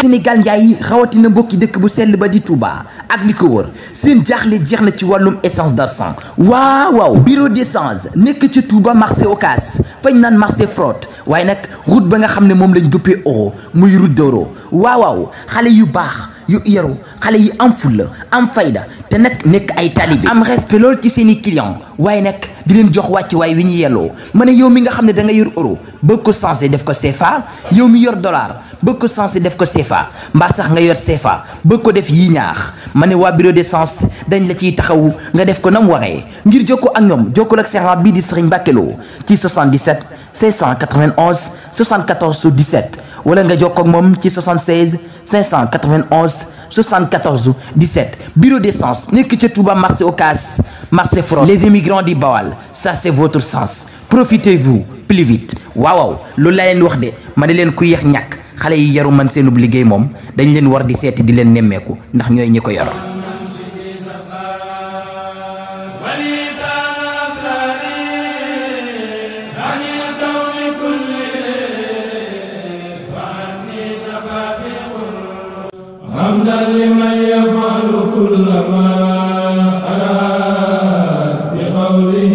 Sénégal njaay yi xawatina mbokki dëkk bu sell ba di Touba ak li ko wër seen jaaxle jeex na ci wàllum essence d'arsan waaw waaw bureau d'essence nekk ci Touba marché Ocass fañ naan marché fraude waaye nag route ba nga xam ne moom lañ duppee oro muy route d'oro waaw waaw xale yu baax yu yaru xale yi am fulla am fayda te nag nekk ay taalibe am respect lool ci seen i client waaye nag di leen jox wàcc waaye wi ñu yelloo ma ne yow mi nga xam ne da nga yor euro bëgg ko changé def ko CFA yow mi yor dollar bëgg ko changé def ko CFA mbaa sax nga yor CFA bëgg ko def yii ñaax ma ne waa bureau de change dañ la ciy taxawu nga def ko nam waree ngir jokkoo ak ñoom jokkoo ak sergent bii di Serigne Bakeloo ci 77 591 74 wala nga jokkoo ak moom ci 76 591 74 17 bureau d'essence nekk ca Touba marché Ocass marché Front les immigrants di Bawal sa c'est votre sens profitez-vous plus vite loolu laa leen wax de ma ne leen ku yéex ñàkk xale yi yaru man seenub liggéey moom dañ leen war di seeti di leen nemmeeku ndax ñooy ñi ko yor حمدا لمن يفعل كل ما أراد بقوله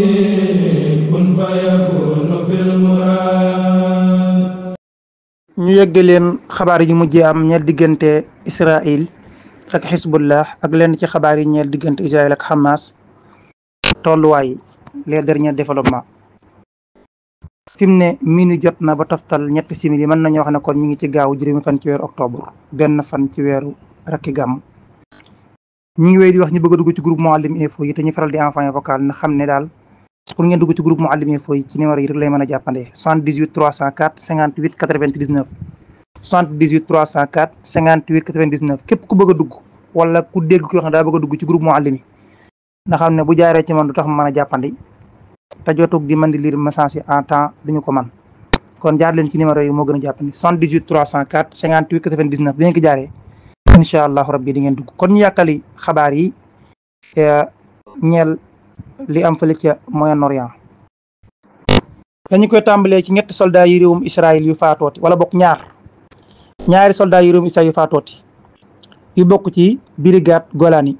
كن فيكون في المراد ñu yëgg leen xabaar yi mujj am ñeel diggante Israël ak Hezbollah ak lenn ci xabaar yi ñeel diggante Israël ak Hamas tolluwaay les derniers développements fi mu ne minuit jot na ba toftal ñetti simili mën nañu wax ne kon ñu ngi ci gaaw juróomi fan ci weeru octobre benn fan ci weeru rakki ñi ngi wéy wax ñu bëgg a dugg ci groupe Mouhalim Info yi te ñu faral di envoyer vocal na xam ne daal pour ngeen dugg ci groupe Mouhalim Info yi ci numéro yi rek lay mën a jàppandee 78 304 58 99 78 304 ku bëgg a dugg wala ku dégg ki wax ne daa bëgg a dugg ci groupe Mouhalim yi na xam ne bu jaaree a jàppandi te jotug di mën di lire message yi en temps duñu ko man kon jaar leen ci numéro yi moo gën a jàppandi 78 304 58 99 bi ngeen ko jaaree incha di ngeen dugg kon ñu xabaar yi e, ñeel li am fële ca Moyen-Orient dañu koy tàmbalee ci ñetti soldat yi réewum Israël yu faatooti wala bokk ñaar ñaari soldat yi réewum Israël yu faatooti yi bokk ci brigade Golani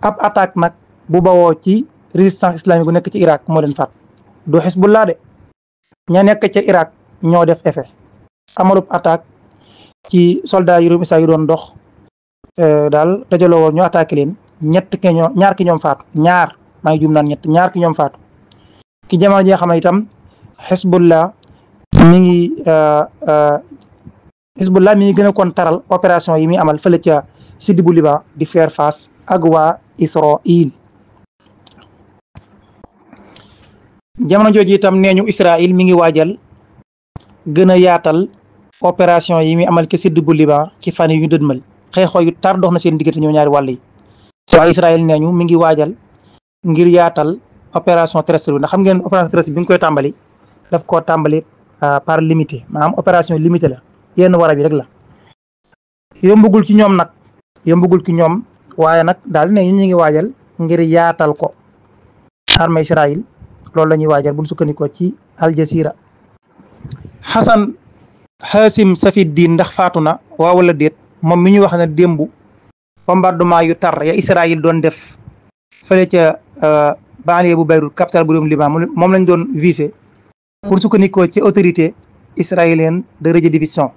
ab attaque nag bu bawoo ci résistance islamique bu nekk ci Irak moo leen faat du Hezbollah de ña nekk ca Irak ñoo def effet amalub attaque ci soldats yu réew Israël dox eh, daal dajaloo woon ñu attaqué leen ñett ki ñoom ñaar ñaar maa ngi jum naan ñett ñaar ki ñoom faatu ki jamono ji nga xam ne itam Hezbollah mi ngi eh, eh, Hezbollah mi gën a taral opération yi muy amal fële ca sud bu Liban di faire face ak waa Israël jamono jooju itam nee ñu Israël mi ngi waajal gën a yaatal opération yi muy amal ci sud bu Liban ci fan yu ñu dëdmal xeexoo yu tar dox na seen diggante ñoo ñaari wàll yi waa Israël nee ñu mi ngi waajal ngir yaatal opération terrestre bi ndax xam ngeen opération bi nga koy tàmbali daf koo tàmbali euh, par limité maanaam opération limité la yenn wara yi rek la yombugul ci ñoom nag yombugul ki ñoom waaye nag daal ne ñu ngi waajal ngir yaatal ko armée Israël loolu la ñuy waajal buñ sukkandikoo ci Al Jazeera Xasan Xaasim Safiddin ndax faatu na waa wala déet moom mi ñu wax ne démb bombardement yu tar ya Israël doon def fële ca euh, banlieue bu Beyrouth capitale bu réewum Liban moom lañ doon visé pour sukkandikoo ci autorité israélienne de reddivision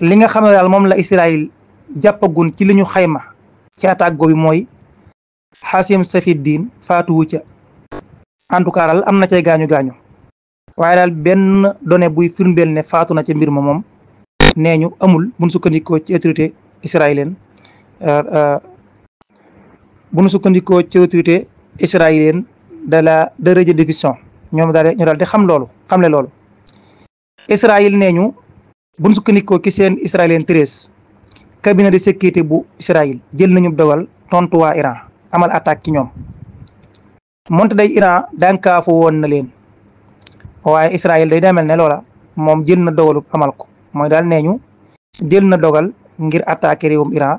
li nga xam ne daal moom la Israël jàppagun ci li ñu xayma ci attaque googu mooy Xaasim Safiddin faatu wu ca en tout cas daal am na cay gaañu gaañu waaye daal benn donnée buy firndeel ne faatu na ci mbir ma moom nee ñu amul buñ sukkandikoo ci autorité israélienne euh, euh, buñ sukkandikoo ci autorité israélienne de la de reddition ñoom daal ñu daal di xam loolu xamle loolu Israël nee ñu buñ sukkandikoo ci seen israélien treize cabinet de sécurité bu Israël jël nañu dogal tontu waa Iran amal attaque ci ñoom monte day Iran dànkaafu woon na leen waaye Israël day demel ne loola moom jël na dogalu amal ko mooy daal nee ñu jël na dogal ngir attaquer réewum Iran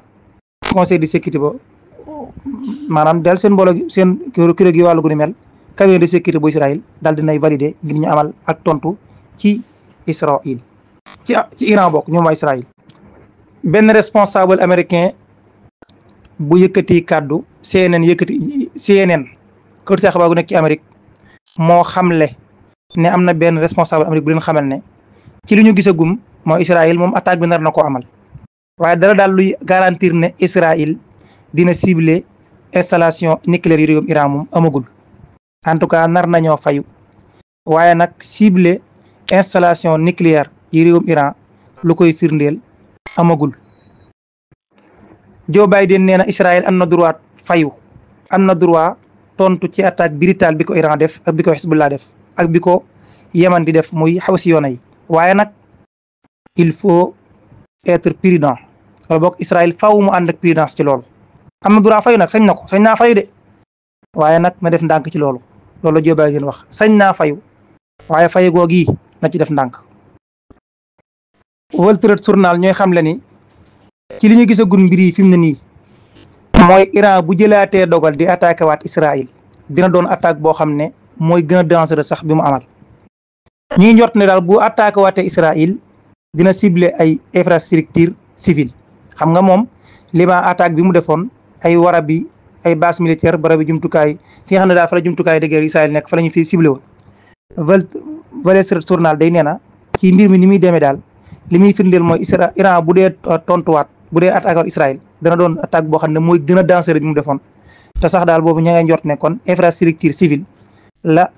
conseil de sécurité ba maanaam daal seen mbooloo seen kuréel gi wàllu gu ni mel cabinet de sécurité bu Israël daal dinay valider ngir ñu amal ak tontu ci Israël ci ci Iran bokk ñoom waa benn responsable américain bu yëkkati kàddu CNN yëkkati CNN kër Cheikh a gu nekk ci moo xamle ne am na benn responsable Amérique bu leen xamal ne ci li ñu gisagum mooy Israël moom attaque bi nar na ko amal waaye dara daal luy garantir ne Israël dina cibler installation nucléaire yu réewum Iran moom amagul en tout cas nar nañoo fayu waaye nag cibler installation nucléaire yu réewum lu koy firndeel amagul Joe Biden nee na Israël am na droit fayu am droit tontu ci attaque brutale bi ko Iran def ak bi ko Hezbollah def ak biko ko di def muy xaw si yoona yi waaye nag il faut être prudent o boog Israël faw mu ànd ak prudence ci loolu am na droit fayu nag sañ na ko sañ naa fayu de waaye nag na def ndànk ci loolu loolo Joe Biden wax sañ naa fayu waaye fayu googi na ci def ndànk Wall Street Journal ñooy xam le ni ci li ñu gisagun mbir yi fi mu ne nii mooy Iran bu jëlaatee dogal di attaqué waat Israël dina doon attaque boo xam ne mooy gën a dangereux sax bi mu amal ñuy njort ne daal bu attaqué waatee Israël dina ciblé ay infrastructure civile xam nga moom Liban attaque bi mu defoon ay warabi ay base militaire barabi jumtukaay fi nga xam ne daal fa la jumtukaay de guerre nekk fa la ñu fi ciblé woon val valeur day nee na ci mbir mi ni muy demee daal li muy firndeel mooy Isra Iran bu dee tontuwaat bu dee attaqué waat dana doon attaque boo xam ne mooy gën a dangereux bi mu defoon te sax daal boobu ña ngay njort ne kon infrastructure civile la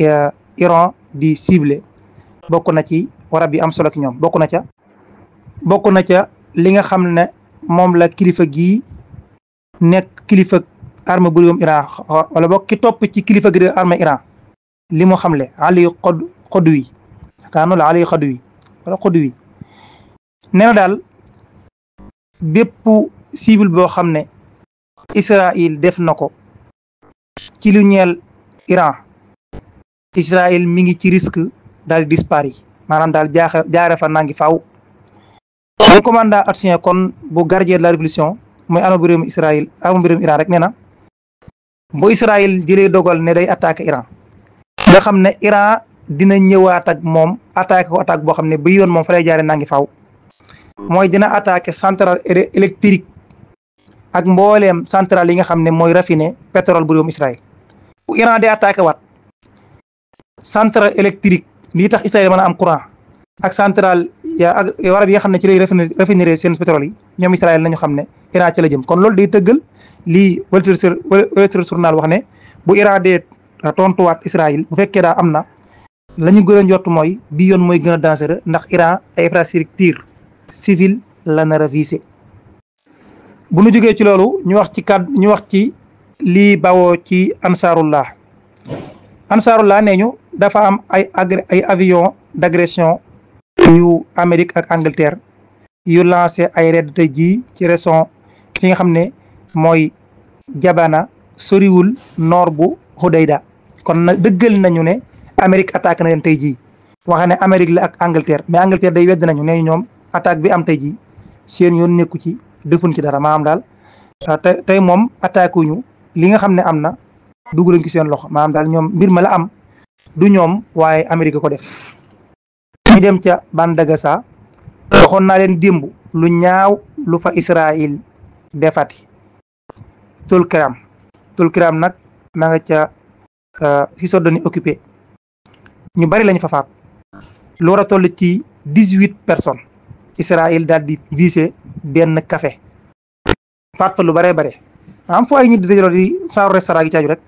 euh, Iran di ciblé bokk na ci warab yi am solo ki ñoom bokk na ca bokk na ca li nga xam ne moom la kilifa gi nekk kilifa arme bu réewum Iran wala bokk ki topp ci kilifa gi arme Iran li mu xamle Ali Qod Qodwi wala Qodwi nee daal bépp cible boo xam ne Israël def na ko ci lu ñeel Iran Israël mi ngi ci risque daal di dispari maanaam daal jaaxe jaare fa nangi faaw un commandant artien kon bu gardien de la révolution mooy arme bu réewum Israël arme bu réewum ne day attaqué Iran nga xam ne Iran dina ñëwaat ak moom attaqué ko boo xam ne bi yoon moom fa lay jaare nangi faaw mooy dina attaqué centrale électrique ak mbooleem centrale yi nga xam ne mooy rafine pétrole bu réewum Israël bu Iran di attaqué waat central électrique lii tax Israël mën a am courant ak centrale ya ak warab yi nga xam ne ci lay raffiné seen pétrole yi ñoom Israël nañu xam ne Iran ci la jëm kon loolu day tëggal lii Wall Street Journal wax ne bu Iran dee tontuwaat Israël bu fekkee am na la ñu gën a jot mooy bi yoon mooy gën a dangereux ndax Iran ay infrastructure civile la nar a bu nu jógee ci loolu ñu wax ci kàddu ñu wax ci lii bawoo ci ansaarullah ansaarullah nee ñu dafa am ay agré ay avion d'agression yu amerique ak Angleterre yu lancé ay raid tey ci reson fi nga xam ne mooy Jabana soriwul noor bu Hudayda kon nag dëggal nañu ne Amérique attaque na leen tey jii waxe ne Amérique la ak Angleterre mais Angleterre day wedd nañu ne ñoom attaque bi am tey jii seen yoon nekku ci defuñ ci dara maam daal ah, tey moom attaque ñu li nga xam ne am na dugg lañ ci seen loxo maanaam daal ñoom mbir ma la am du ñoom waaye Amérique ko def. ñu dem ca Bandagasa waxoon na leen démb lu ñaaw lu fa Israël defati Tulkiram Tulkiram nag ma nga ca Cisjordanie ah, occupé ñu bari lañ fafaat faat lu war a ci dix-huit personnes. Israël dal di visé benn café faat fa lu bëree bëri am foo ay ñi di dajaloo di saaru restaurant gi caaju rek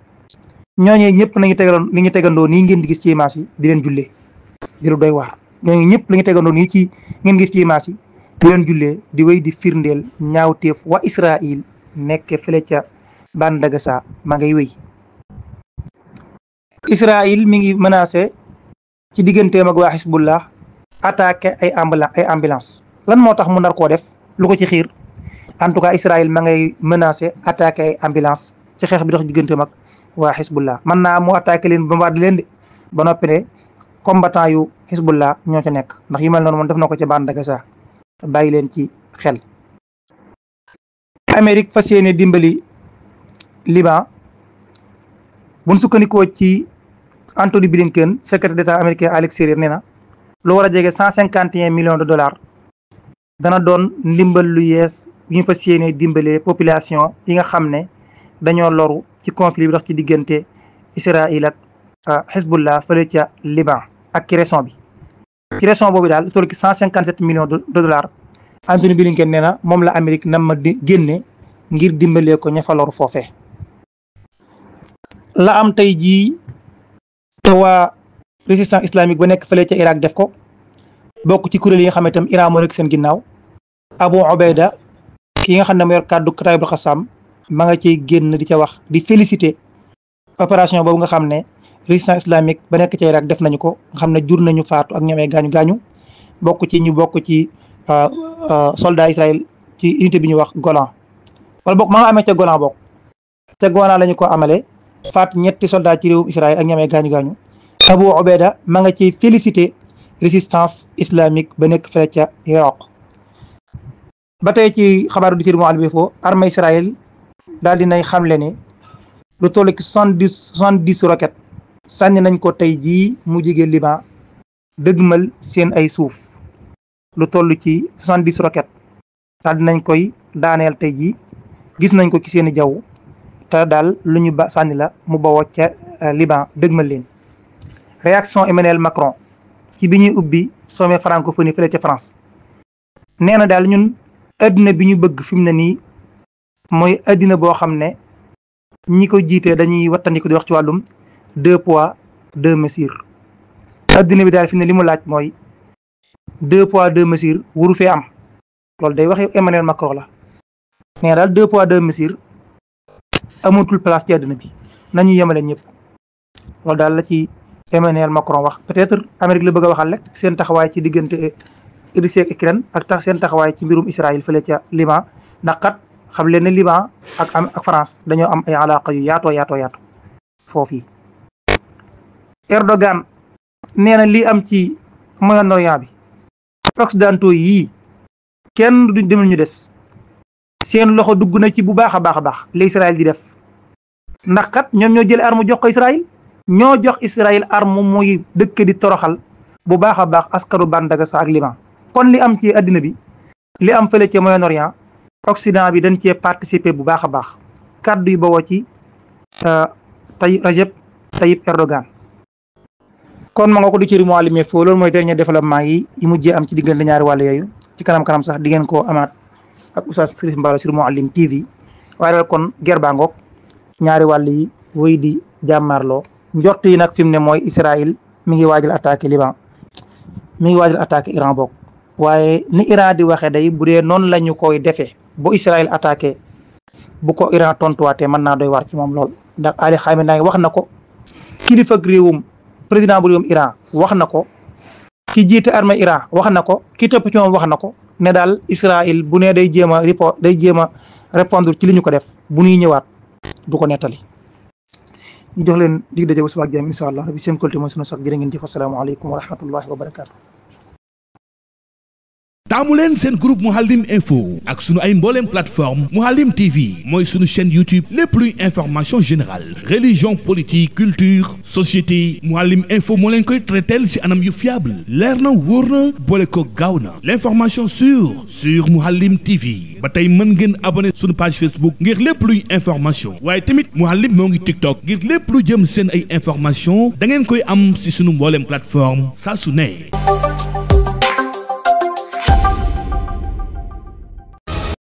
ñooñee ñëpp nañu tegaloon li ñu tegandoo nii ngeen di gis ci di leen jullee di lu doy waar ñooñu ñëpp la ñu tegandoo ci ngeen gis ci image yi di di wéy di firndeel ñaawteef wa Israël nekk fële ca Bande Gaza ma ngay wéy Israël mi ngi ci digganteem ak waa attaqué ay ay ambulance lan moo tax mu nar koo def lu ko ci xiir en tout cas Israël ma ngay menacé attaqué ay ambulance ci xeex bi dox diggante mag waa Hezbollah mën naa mu attaqué leen bombardé leen de ba noppi ne combattant yu Hezbollah ñoo ci nekk ndax yu mel noonu moom def na ko ca bande Gaza bàyyi leen ci xel. Amérique fas yéene dimbali Liban buñ sukkandikoo ci Anthony Blinken secrétaire d'État américain à l'extérieur nee na. lu war a jege cent et un millions de dollars dana doon ndimbal lu yees bu ñu fas yéene dimbalee population yi nga xam ne dañoo loru ci conflit bi dox ci diggante Israël ak euh, Hezbollah fële ca Liban ak ci bi ci région boobu daal lu toll ci cent cinquante sept millions de dollars Anthony Blinken nee na moom la Amérique nam ma génne ngir dimbalee ko ña fa loru foofe la am tey jii résistance islamique ba nekk fële ca Irak def ko bokk ci kuréel yi nga xam ne itam Iran moo rek seen ginnaaw Abu Obayda ki nga xam ne mu yor kàddu Kataybul Xassam ma nga ciy génn di ca wax di féliciter opération boobu nga xam ne résistance islamique ba nekk ca Irak def nañu ko nga xam ne jur nañu faatu ak ñoomee gaañu gaañu bokk ci ñu bokk ci euh, euh, soldat ci unité bi ñu wax Golan wala bokk ma nga ca gola bokk ca Golan lañu ko amale faat ñetti soldat ci réewum Israël ak ñoomee gaañu gaañu Abu Ubeyda ma nga ci félicité résistance islamique ba nekk fële ca Irak ba tey ci xabaaru di ci mu àll bi foofu armée daal di nay xamle ne lu toll ci soixante dix soixante dix roquettes sànni nañ ko tey jii mu jege Liban dëgmal seen ay suuf lu toll ci soixante dix roquettes daal nañ koy daaneel tey jii gis nañ ko ci seeni i jaww te daal lu ñu ba sànni la mu bawoo ca euh, Liban dëgmal leen. réaction Emmanuel Macron ci bi ñuy ubbi sommet francophonie fële ca France nee na daal ñun addina bi ñu bëgg fi mu ne nii mooy àddina boo xam ne ñi ko jiitee dañuy wattandiku di wax ci wàllum deux pois deux mesures addina bi daal fi ne li mu laaj mooy deux pois deux mesures wuru fee am loolu day waxee Emmanuel Macron la nee na daal deux poids deux mesures amatul place ci addina bi nañu yemale ñëpp loolu daal la ci Emmanuel Macron wax peut-être Amérique la bëgg a waxal rek seen taxawaay ci diggante Russie ak ak tax seen taxawaay ci mbirum Israël fële ca Liban ndax kat xam leen ne Liban ak ak France dañoo am ay alaqa yu yaatoo yaatoo yaatoo foofii Erdogan nee na lii am ci Moyen-Orient bi occidentaux yii kenn du demul ñu des seen loxo dugg na ci bu baax a baax a baax li Israël di def ndax kat ñoom ñoo jël arme jox ko ñoo jox Israël arme muy dëkk di toroxal bu baax a baax askaru Bandagasa ak Liban kon li am ci àddina bi li am fële ca Moyen-Orient Occident bi dañ cee participer bu baax a baax kàddu yi bawoo ci euh, tay Recep Tayyip Erdogan kon ma nga ko du ci Mouhalim foo loolu mooy dernier développement yi yi mujjee am ci diggante ñaari wàll yooyu ci kanam-kanam sax di ngeen koo amaat ak Oustaz Chérif Mballo sur Mouhalim TV waaye daal kon guerre baa ngoog ñaari wàll yi wéy di jàmmaarloo njort yi nag fi mu ne mooy Israël mi ngi waajal attaqué Liban mi ngi waajal attaqué Iran bokk waaye ni Iran di waxee day bu dee noonu la ñu koy defee bu Israël attaqué bu ko Iran tontuwaatee mën naa doy waar ci moom lool ndax Ali Khamenei wax na ko kilifa réewum président bu réewum wax na ko ki jiite armée Iran wax na ko ki topp wax na ko ne daal Israël bu ne day jéem a report jéem a répondre ci li ñu ko def bu ñuy ñëwaat du ko nettali. ñu jox leen dig daje ba suba ak jàmm incha allah rabbi seen kolté mooy sunu sax jërë ngeen jëf asalaamaaleykum wa rahmatullahi wa barakaatu taamu leen seen groupe Mouhalim Info ak sunu ay mbooleem plateforme Mouhalim TV mooy sunu chaine YouTube lépp luy information général religion politique culture société Mouhalim Info moo leen koy traiteel ci anam yu fiable leer na wóor na boole ko gaaw na l'information sur sur Mouhalim TV ba tey mën ngeen abonné sunu page Facebook ngir lépp luy information waaye tamit Mouhalim moo ngi TikTok ngir lépp lu jëm seen ay information dangeen koy am si sunu mbooleem plateforme saa su ne